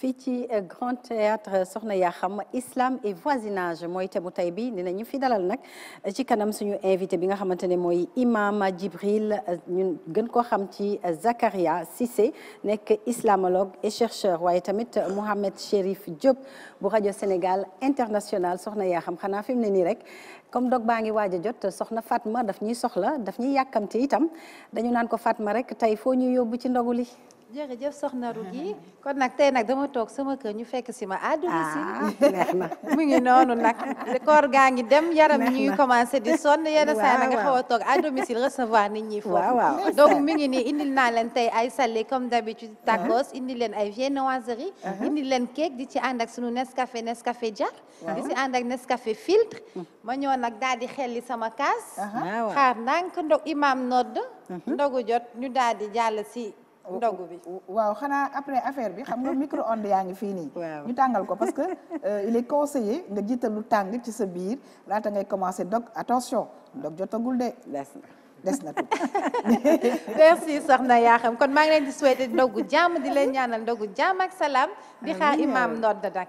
fii euh, grand théâtre soxna yaa xam islam et voisinage mooy thème mu tey bi dina ñu fi dalal nag euh, ci kanam suñu invité bi nga imam Jibril euh, ñun gën koo xam ci Zakaria Cissé nekk islamologue et chercheur waaye tamit Mouhamed Chérif Diop bu Sénégal international soxna yaa xam xanaa fi mu rek comme dog baa ngi waaj a jot soxna Fatma daf ñuy soxla daf ñuy itam dañu ko Fatma rek tey foo ñu yóbbu ci jërëjëf soxna Rougui mm-hmm. kon nag tey nag dama toog sama kër ñu fekk si ma à domicile ah, mu ngi noonu nag koor gaa ngi dem yaram ñuy commencé di sonn yenn saa na nga xaw a toog à domicile recevoir nit ñi foofu donc mu ngi nii indil naa leen tey ay salé comme d'habitude mm-hmm. tacos indil leen ay viennoiserie mm-hmm. indil leen cake di ci ànd ak sunu Nescafé Nescafé Jar di ci ànd ak Nescafé filtre ma ñëw nag daal di xelli sama kaas xaar ndànk ndog imam nodd ndogu jot ñu daal di jàll si ndogu bi waaw xanaa après affaire bi xam nga micro-ondes yaa ngi fii nii. ñu tàngal ko parce que euh, il est conseillé nga jiital lu tàng ci sa biir laata ngay commencer dog attention dog jotagul de. des na tuuti merci na yaa xam kon maa ngi leen di souhaiter ndogu jàmm di leen ñaanal ndogu jàmm ak salaam. di xaar imam ndodd nag.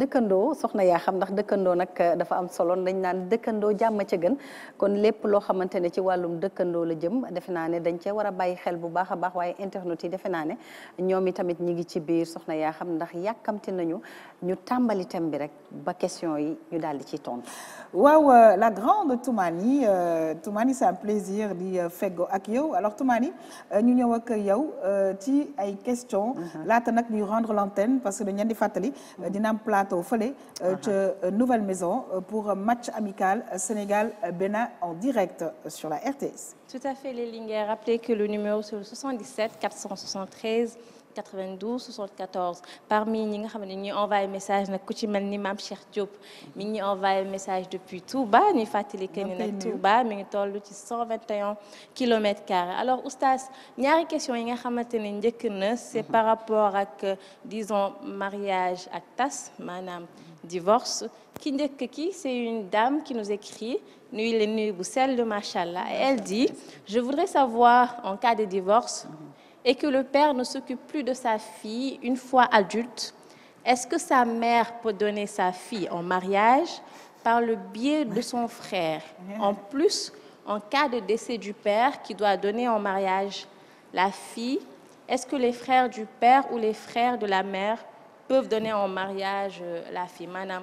dëkkandoo soxna yaa xam ndax dëkkandoo nag eh, dafa am solo dañ naan dëkkandoo jàmm ca gën kon lépp loo xamante ne ci wàllum dëkkandoo la jëm defe naa ne dañ cee war a bàyyi xel bu baax a baax internet yi defe naa ñi ngi ci biir soxna yaa xam ndax yàkkamti nañu ñu tàmbali bi rek ba question yi ñu daal di waaw euh, la grande Toumani euh, Toumani c'est un plaisir di euh, feggo ak yow alors Toumani ñu ñëw ak yow ci ay question mhm. laata nag ñuy rendre l'antenne parce que dañu leen di fàttali au euh, uh-huh. euh, nouvelle maison euh, pour match amical Sénégal Bénin en direct sur la RTS tout à fait, les lignes. Rappelez que le numéro, c'est le 77 473 92 74 parmi nous, nga un un message nous ku ci mel ni Cheikh Diop nous avons envoyé message depuis Touba ni nous ni Touba mi 121 km. carrés alors une ñaari question yi nga xamante c'est mhm. par rapport à disons mariage ak tas divorce c'est une dame qui nous écrit Nuit les nuits, celle de Machallah. elle dit je voudrais savoir en cas de divorce et que le père ne s'occupe plus de sa fille une fois adulte est-ce que sa mère peut donner sa fille en mariage par le biais de son frère en plus en cas de décès du père qui doit donner en mariage la fille est-ce que les frères du père ou les frères de la mère peuvent donner en mariage euh, la fille Madame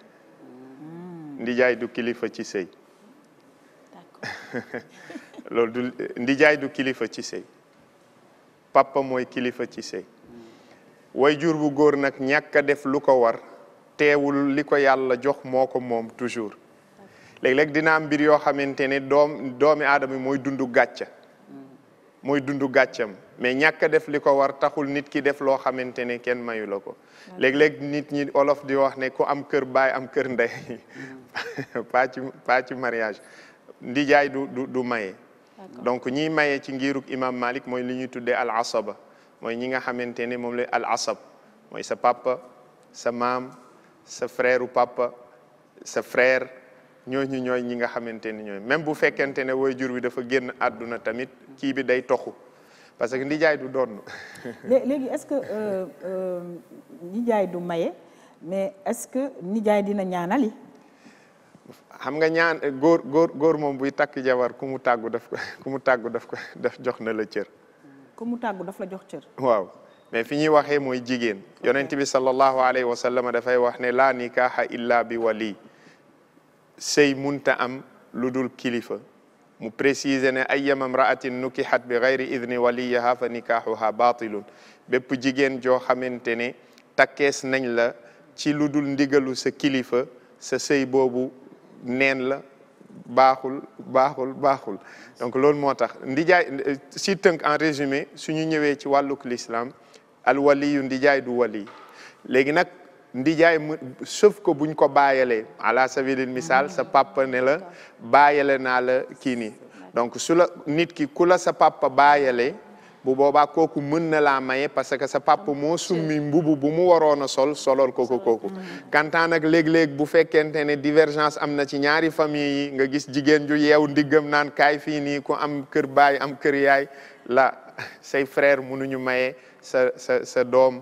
ndijaay du kilifa ci sëy loolu mooy kilifa ci sëy way jur bu góor nag ñàkk a def lu ko war teewul li ko yàlla jox moo ko moom toujours léeg-léeg dina am mbir yoo xamante ne doom doomi aadama mooy dund gàcca mm. mooy dundu gàccam mais ñàkk def li ko war taxul nit ki def loo xamante ne kenn mayu la ko léeg-léeg nit ñi olof di wax ne ku am kër baay am kër ndey mm. pas ci pas ci mariage ndijaay du du du maye donc ñiy maye ci ngiruk imam malik mooy li ñuy tuddee al asaba mooy ñi nga xamante ne moom la al asab mooy sa papa sa maam sa frère papa sa frère ñooñu ñooy ñi nga xamante ne ñooy même bu fekkente ne waajur wi dafa génn àdduna tamit kii bi day toxu parce que nijaay du donn léegi est que euh, euh, nijaay du maye est-ce que nijaay dina ñaanali xam nga ñaan góor góor góor moom buy takk jabar ku mu tàggu daf ko mu tàggu daf ko daf jox na la cër ku mu tàggu daf la jox cër waaw mais fi ñuy waxee mooy jigéen yonent bi sallallahu alayhi wa dafay wax ne laa nikaaxa illa bi wali sëy munta am lu dul kilifa mu préciser ne ayyama mraatin nukihat bi gayri idni waliyaha fa nikahuha batilun bépp jigéen joo xamante ne takkees nañ la ci lu dul ndigalu sa kilifa sa sëy boobu neen la baaxul baaxul baaxul donc loolu moo tax ndijaay si tënk en résumé ñu ñëwee ci wàlluk l'islam al waliyu ndijaay du wali léegi nag ndijaay mu sauf ko buñ ko bàyyalee ala sabilil misaal sa papa ne la bàyyale naa la kii nii donc su la nit ki ku la sa pappa bàyyalee bu boobaa kooku mën na laa maye parce que sa papa ah, moo summi mbubu bu mu waroon a sol solol ko kooku kantaan nag léeg-léeg bu fekkente ne divergence am na ci ñaari famille yi nga gis jigéen ju yeew ndiggam naan kaay fii nii ku am kër baay am kër yaay la say frère mënuñu maye sa sa sa doom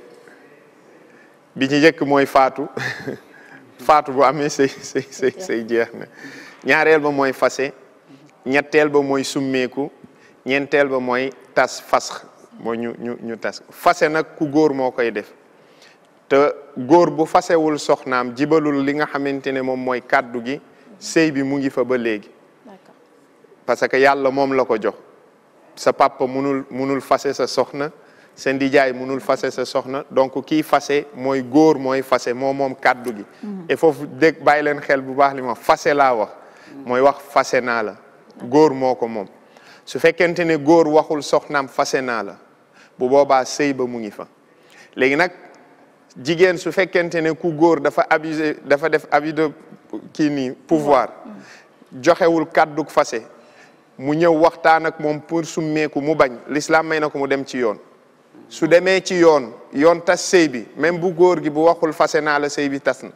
bi ci njëkk mooy faatu faatu bu amee say say jeex na ñaareel ba mooy fase ñetteel ba mooy summeeku ñeenteel ba mooy tas fasx mooy ñu tas fase nag ku góor moo koy def te góor bu fasewul soxnaam jibalul li nga xamante ne moom mooy kàddu gi sëy bi mu ngi fa ba léegi parce que yàlla moom la ko jox sa papa munul fase sa soxna seen di jaay mënul fase sa soxna donc kii fase mooy góor mooy fase moo moom kàddu gi mm-hmm. et foofu dégg bàyyi leen xel bu baax li ma fase laa wax mm-hmm. mooy wax fase naa la góor moo ko moom su fekkente ne góor waxul soxnaam fase naa la bu boobaa sëy ba mu ngi fa léegi nag jigéen su fekkente ne ku góor dafa abusé dafa def abus de kii nii pouvoir mm-hmm. joxewul kàddug fase mu ñëw waxtaan ak moom pour summeeku mu bañ l'islam may na ko mu dem ci yoon su demee ci yoon yoon tas sëy bi même bu góor gi bu waxul fase naa la sëy bi tas na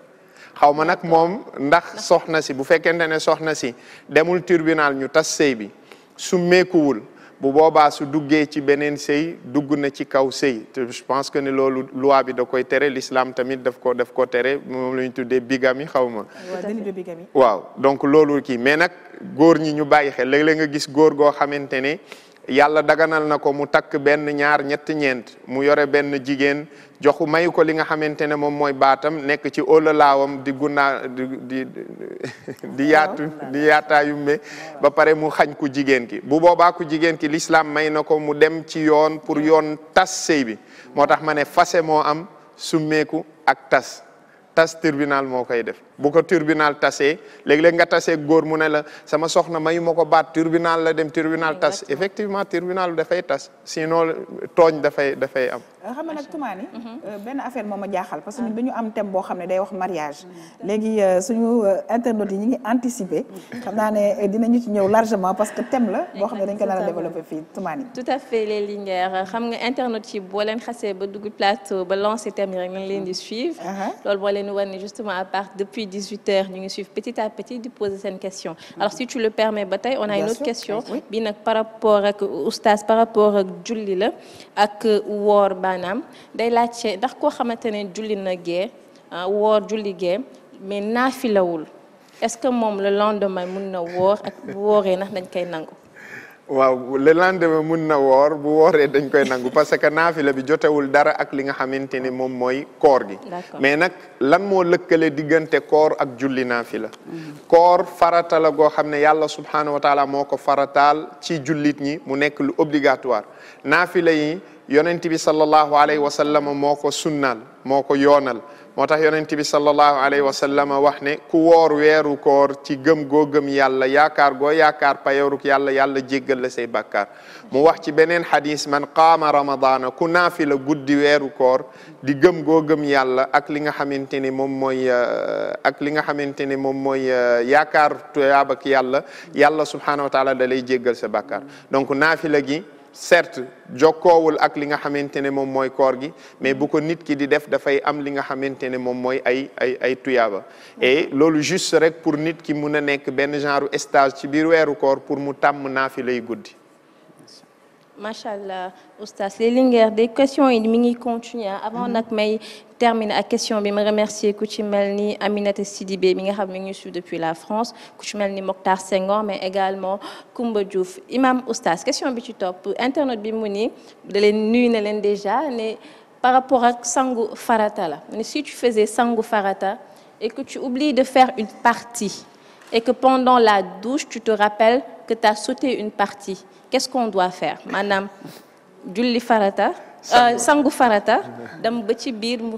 xaw ma nag moom ndax soxna si bu fekkente ne soxna si demul tribunal ñu tas sëy bi summeekuwul bu boobaa su duggee ci beneen sëy dugg na ci kaw sëy te je pense que ne loolu loi bi da koy tere lislaam tamit daf ko daf ko tere moom la ñu tuddee bigamie xaw ma waaw donc loolu kii mais nag góor ñi ñu bàyyi xel léeg-léeg nga gis góor goo xamante ne yàlla daganal na ko mu takk benn ñaar ñett ñeent mu yore benn jigéen joxu mayu ko li nga xamante ne moom mooy baatam nekk ci ólalaawam di gunnaa di di di ba pare mu xañ ku jigéen ki bu boobaa jigéen ki l'islam may na ko mu dem ci yoon pour yoon tas sëy bi moo tax ma ne fase moo am summeeku ak tas tas tribunal moo koy def bu tribunal tassé léeg-léeg nga tassé góor mu ne la sama soxna mayu ma ko tribunal la dem tribunal tass effectivement tribunal dafay tas sinon tooñ dafay dafay am euh, xamna nak nag ben affaire moma jaxal parce que ñun ah. am thème bo xamné day wax mariage mhm. légui euh, suñu internet yi ñu ngi anticiper xamna né ne dinañu ci ñew largement parce que thème la bo xamné dañ ko nar développer fi tumaani tout à fait les Linguères xam nga internet ci bo len xasee ba dugg plateau ba lancer thème rek nañ leen di mhm. suivre uh-huh. lool bo len wan ne justement à part depuis 18 heures nous suivons petit à petit de poser cette question alors si tu le permets Bataille, on a une autre question par rapport à Oustas, par rapport ak à la ak ah, est-ce que le lendemain waaw le lendemain mun na woor bu wooree dañ koy nangu parce que naafila bi jotewul dara ak li nga xamante ni moom mooy koor gi mais nag lan moo lëkkale diggante koor ak julli naafila mm-hmm. koor farata la goo xam ne yàlla subhaanahu wa moo ko farataal ci jullit ñi mu nekk lu obligatoire naafila yi yonent bi sallallahu alayhi wa sallam moo ko sunnaal moo ko yoonal moo tax yonent bi sallallahu alayhi wa sallam wax ne ku woor weeru koor ci gëm goo gëm yàlla yaakaar goo yaakaar payoruk yàlla yàlla jéggal la say bàkkaar mu wax ci beneen xadis man qaama ramadana ku naafi la guddi weeru koor di gëm goo gëm yàlla ak li nga xamante ne moom mooy euh, ak li nga xamante ne moom mooy euh, yaakaar yàlla yàlla subhanahu wa da lay jéggal sa bakkar donc naafi gi certes jokkoowul ak li nga xamante ne moom mooy koor gi mais bu ko nit ki di def dafay am li nga xamante ne moom mooy ay ay ay tuyaaba et loolu juste rek pour nit ki mun a nekk benn genre stage ci biir weeru koor pour mu tàmm lay guddi macha Oustas. Les Linguère des questions yi mi ngi continuer hein. avant mhm. nag may terminer la question bi me remercier ku ci Aminata Sidibé mi nga xam depuis la France ku ci Mokhtar Senghor mais également Koumba Diouf imam Oustas. question bi top pour internet bi De ni de leen déjà Mais par rapport à Sangou farata la si tu faisais Sangou farata et que tu oublies de faire une partie et que pendant la douche tu te rappelles que tu as sauté une partie, qu'est-ce qu'on doit faire Madame julli farata euh, sangu farata dem ba ci biir mu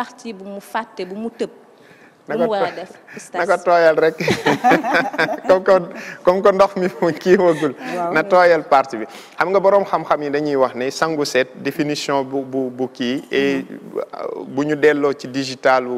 partie bu mu bu mu war tooyal rek comme que ndox mi kii wagul na tooyal partie bi xam nga boroom xam-xam yi dañuy wax ne sangu seet définition bu bu bu kii eh, bu ñu delloo ci digitalu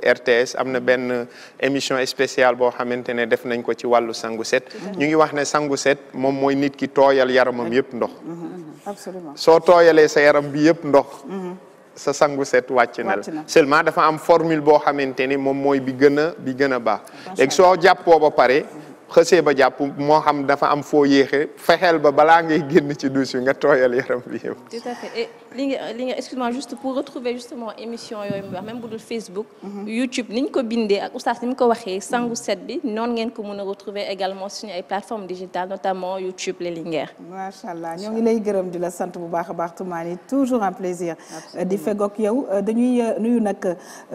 eh, RTS am na benn émission spéciale boo xamante ne def nañ ko ci wàllu sangu set ñu ngi wax ne sangu set moom mooy nit ki tooyal yaramam mm-hmm. yëpp ndox mm-hmm. soo tooyalee sa yaram bi yëpp ndox mm-hmm. sa sangu set wàcc na seulement dafa am formule boo xamante ni moom mooy bi gën a bi gën a baax léegi soo jàppoo ba pare mm-hmm. xësee ba jàpp moo xam dafa am fo yéexee fexel ba bala ngay génn ci douche nga toyal yaram bi yëpp. tout à fait et li nga li nga excuse-moi juste pour retrouver justement émission yooyu mu wax même bu Facebook. Mhm. YouTube niñ ko bindé ak oustaz ni ko waxé sangu set bi non ngeen ko mëna retrouver également sur ay plateformes digitales notamment YouTube Les Linguères. macha allah ñoo ngi lay gërëm di la sant bu baax baax Toumani toujours un plaisir. Euh, di fegoog yow euh, dañuy euh, nuyu nak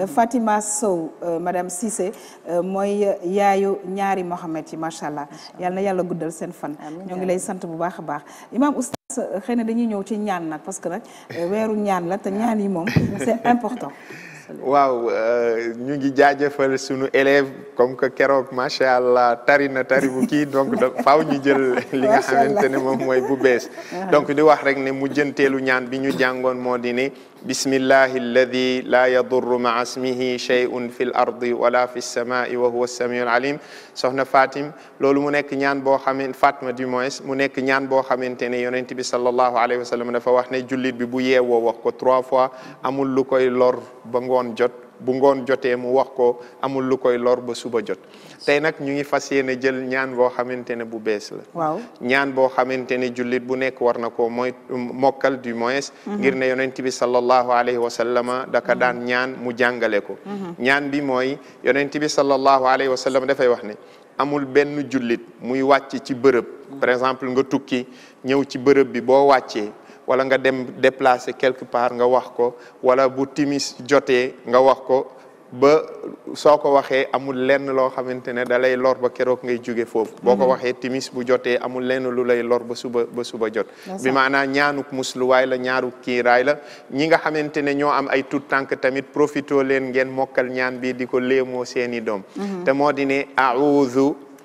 Fatima Sow madame Cissé moy yaayu ñaari Mohamed macha allah yal na yàlla guddal seen fan ñoo ngi lay sant bu baax a baax imaam oustaz euh, xëy na dañuy ñëw ci ñaan nag parce que nag euh, weeru ñaan la te ñaan yi moom c'est important waaw euh, ñu ngi jaajëfal sunu élève comme que keroog macha allah tari tari bu kii donc faaw ñu jël li nga xamante ne moom mooy bu bees donc di wax rek ne mu jënteelu ñaan bi ñu jàngoon moo di ne بسم الله الذي لا يضر مع اسمه شيء في الارض ولا في السماء وهو السميع العليم سهنا فاطم لولو مو نيك نيان بو خامن فاطمه دي موس مو نيك نيان بو خامن تاني يونت بي صلى الله عليه وسلم دا فا واخني جوليت بي بو ييو واخ كو 3 فوا امول لوكاي لور با جوت bu ngoon jotee mu wax ko amul lu koy lor ba suba jot tey nag ñu ngi fas yéene jël ñaan boo xamante ne bu bees la. ñaan boo xamante ne jullit bu nekk war na ko mooy mokkal du moins. Mhm. ngir ne yonent bi sallallahu alayhi wa sallama daka mhm. daan ñaan mu jàngale ko. Mhm. ñaan bi mooy yonent bi sallallahu alayhi wa sallam dafay wax ne. amul benn jullit muy wàcc ci bërëb. par exemple nga tukki ñëw ci bërëb bi boo wàccee. wala nga dem déplacer quelque part nga wax ko wala bu timis jotee nga wax ko ba soo ko waxee amul lenn loo xamante ne da lay lor ba keroog ngay juge foofu boo ko mm-hmm. waxee timis bu jotee amul lenn lu lay lor ba suba ba suba jot bi maanaam ñaanuk musluwaay la ñaanuk kiiraay la ñi nga xamante ne ñoo am ay tout tànk tamit profito leen ngeen mokkal ñaan bi di ko léemoo seeni doom mm-hmm. te moo di ne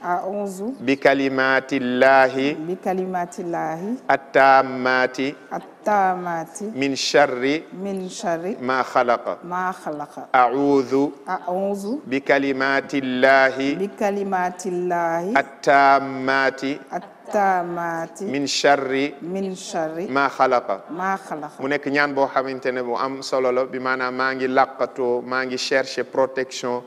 أعوذ بكلمات الله بكلمات الله التامات التامات من شر من شر ما خلق ما خلق أعوذ أعوذ بكلمات الله بكلمات الله التامات التامات من شر من شر ما خلق ما خلق mu nekk بو boo xamante ام bu am solo la bi maanaam maa ngi làqatoo maa ngi chercher protection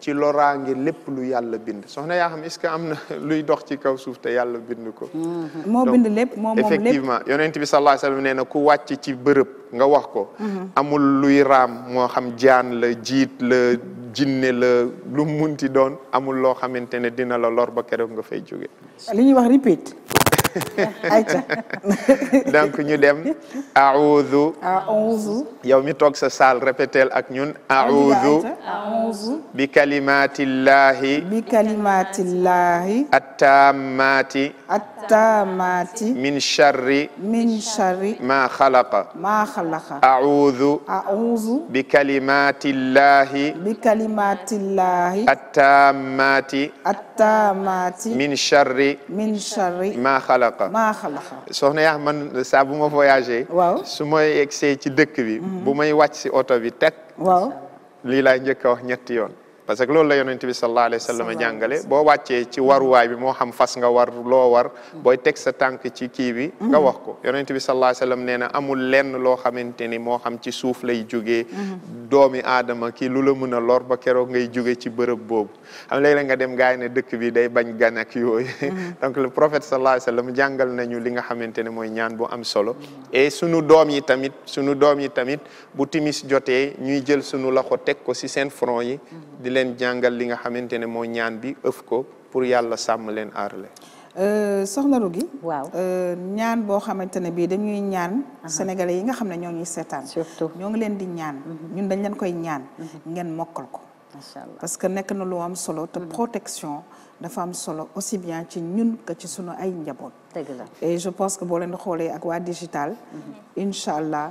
ci loraange lépp lu yàlla bind soxna yaa xam est-ce que am na luy dox ci kaw suuf te yàlla bind ko. Mm-hmm. moo bind lépp moo moom effectivement yonent bi sallallahu alayhi wasallam nee na ku wàcc ci bërëb nga wax ko. Mm-hmm. amul luy raam moo xam jaan la jiit la jinne la lu munti doon amul loo xamante ne dina la lor ba keroog nga fay jóge. li ñuy wax repeat. ayca donc ñu dem a aoudu yow mi toog sa saal répétel ak ñun aoudu aoudu bi kalimatillahi bi kalimatillahi attammati attammati min sharri min sharri ma khalaqa ma khalaqa aoudu aoudu bi kalimatillahi bi kalimatillahi attammati attammati min sharri min sharri ma khalaqa xalaqa maa xalaqa soxna yaa man saa bu ma voyagé waaw su ma yegsee ci dëkk bi mhm. bu may wàcc si oto bi teg waaw lii laay njëkk a wax ñetti yoon parce que loolu la yonent bi sallallahu alayhi wa sallam jàngale boo wàccee ci waruwaay bi moo xam fas nga war loo war mm. booy teg sa tànk ci kii bi nga wax ko mm. yonent bi sallallahu alayhi nee na amul lenn loo xamante ni moo xam ci suuf lay jógee mm. doomi aadama kii lu la mën a lor ba keroog ngay jóge ci bërëb boobu xam léeg-léeg nga dem gaa ne dëkk bi day bañ gan ak yooyu donc le prophète sallallahu alayhi wa sallam jàngal nañu li nga xamante ne mooy ñaan bu am solo et sunu doom yi tamit sunu doom yi tamit bu timis jotee ñuy jël sunu loxo teg ko si seen front yi leen jàngal li nga xamante ne moo ñaan bi ëf ko pour yàlla sàmm leen aar leen. Euh, soxna Rougui. waaw euh, ñaan boo xamante ne bii dañuy ñaan. sénégalais yi nga xam ne ñoo ngi seetaan. ñoo ngi leen di ñaan. Mhm. ñun dañ leen koy ñaan. Mhm. ngeen mokkal ko. macha allah parce que nekk na lu am solo te mhm. protection. dafa am solo aussi bien ci ñun que ci sunu ay njaboot. dëgg la je pense que boo leen xoolee ak waa digital. incha allah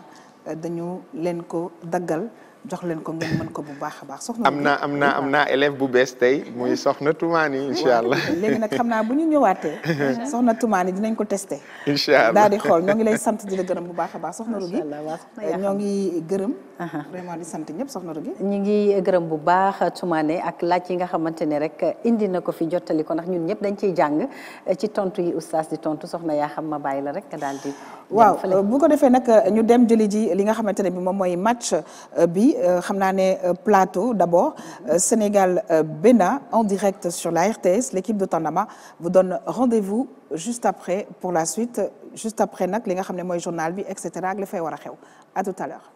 euh, dañu leen ko daggal. jox leen ko ngeen mën ko bu baax a baax. soxna am naa am na am naa élève bu bees tey muy soxna Toumani incha allah. léegi nag xam naa bu ñu ñëwaatee. soxna Toumani dinañ ko testé. incha daal di xool ñoo ngi lay sant di la gërëm bu baax a baax soxna Rougui. ñoo ngi gërëm. vraiment di sant ñëpp soxna Rougui. ñu ngi gërëm bu baax Toumani ak laaj yi nga xamante ne rek indi na ko fi jottali ko ndax ñun ñëpp dañ ciy jàng ci tontu yi oustaz di tontu soxna yaa xam ma bàyyi la rek daal di. Wow, bu ko defee nag ñu dem match euh, bi euh, euh, plateau d'abord Sénégal bena en direct sur la RTS l'équipe de Tandama vous donne rendez-vous juste après pour la suite juste après nag li nga journal etc. a à tout à l'heure